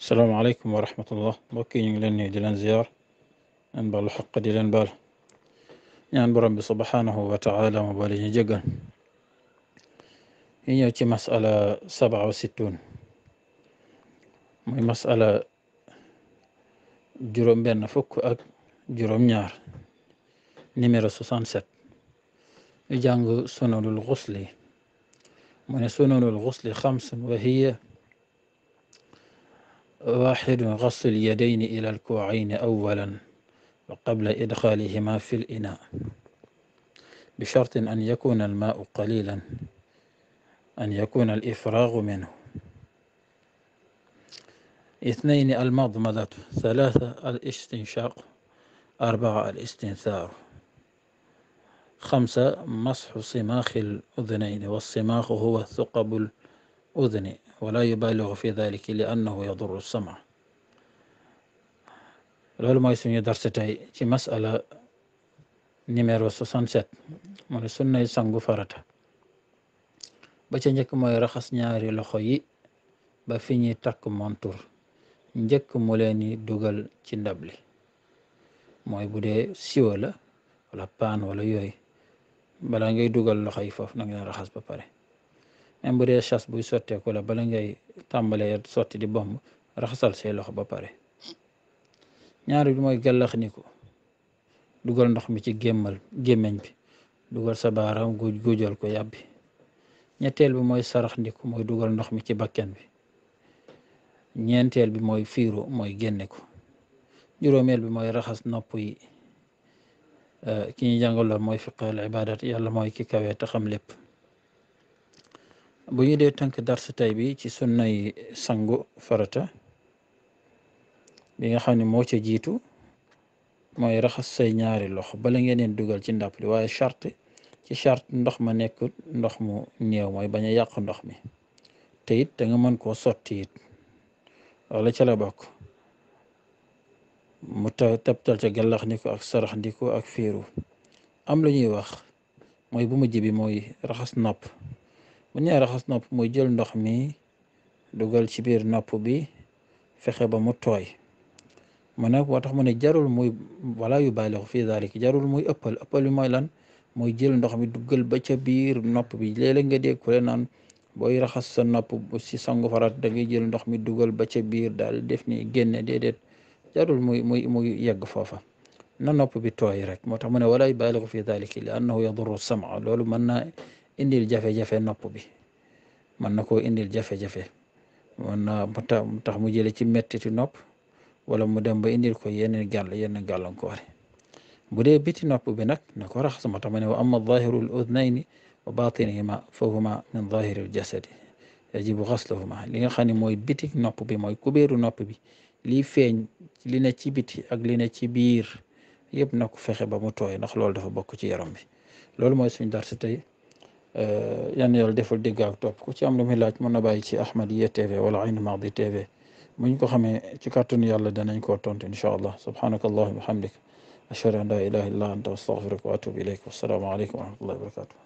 السلام عليكم ورحمة الله بكي ينجلني دلان زيار أنبال الحق دلان بال يعني برب سبحانه وتعالى مبالي جيجا هي مسألة سبعة وستون مسألة جروم بين فك أك جروم نيار نمير سوسان ست sunanul xusli الغسل ne sunanul الغسل خمس وهي واحد غسل اليدين إلى الكوعين أولا وقبل إدخالهما في الإناء بشرط أن يكون الماء قليلا أن يكون الإفراغ منه اثنين المضمضة ثلاثة الاستنشاق أربعة الاستنثار خمسة مسح صماخ الأذنين والصماخ هو الثقب أذني ولا يبالغ في ذلك لأنه يضر السمع لول ما يسمي درس في مسألة نمير وسوسان سات من السنة يسنغو فارتا بچنجك ما يرخص نياري لخوي بفيني تاك منتور نجك مولاني دوغل تندبلي ما يبودي سيولا ولا بان ولا يوي بلانجي دوغل لخوي فوف رخص بباري même bu dee chasse buy sotteeku la bala ngay tàmbalee sotti di bomb raxasal say loxo ba pare ñaari bi mooy gàllax ni ko dugal ndox mi ci gémmal gémmeñ bi dugal sa baaraam guuj guujal ko yàbbi ñetteel bi mooy sarax ndiku mooy dugal ndox mi ci bakken bi ñeenteel bi mooy firo mooy génne ko juróomeel bi mooy raxas nopp yi euh, ki ñu jàngaloon mooy fiqal ibadat yàlla mooy ki kawee te xam lépp bu ñu dee tënk darsu tay bi ci sunnay sangu farata bi nga xam ne moo ca jiitu mooy raxas say ñaari loxo bala ngeen leen dugal ci ndàpp li waaye chart ci chart ndox ma nekkul ndox mu néew mooy bañ a yàq ndox mi te it da nga mën koo sotti it wala ca la bokk mu ta tabtal ca gàllax ndiku ak sarax ndiku ak fiiru am lu ñuy wax mooy bu mujj bi mooy raxas nopp bu ñee raxas nopp muy jël ndox mi dugal ci biir nopp bi fexe ba mu tooy mu ne moo tax mu ne jarul muy wala yu baalixu fii dalik jarul muy ëppal ëppal bi mooy lan mooy jël ndox mi dugal ba ca biir nopp bi léeg nga dégg ku nan booy raxas sa nopp si sangu farat da jël ndox mi dugal ba ca biir daal def ni génne déedéet jarul muy muy muy yegg foofa na nopp bi tooy rek moo tax mu ne wala yu baalixu fii dalik li annahu yaduru sama loolu mën naa indil jafe-jafe nopp bi man nako koo indil jafe-jafe mën na mu tax mu tax mu jële ci mettitu nopp wala mu dem ba indil ko gal yenen yenn ko bu budé biti nopp bi nak nako rax sama tamane wa amma zahiru l wa batinihima fa huma min zahiri l yajibu ghasluhuma li nga xani moy biti nopp bi moy kubéru nopp bi li feñ li ne ci biti ak li ne ci biir yëpp nako fexe ba mu toy nak loolu dafa bokk ci yaram bi loolu moy suñu dar ci tay Eh, yal na yàlla defal dégg ak topp ku ci am lu muy laaj mën na bàyyi ci Ahmadiyya TV wala Ayn Madi TV buñ ko xamee ci kàttanu yàlla danañ koo tontu incha allah subhanaka allahumma wa bihamdik ashhadu an la ilaha illa anta astaghfiruka wa atubu ilayk wassalaamu aleykum wa rahmatullahi wa barakatuh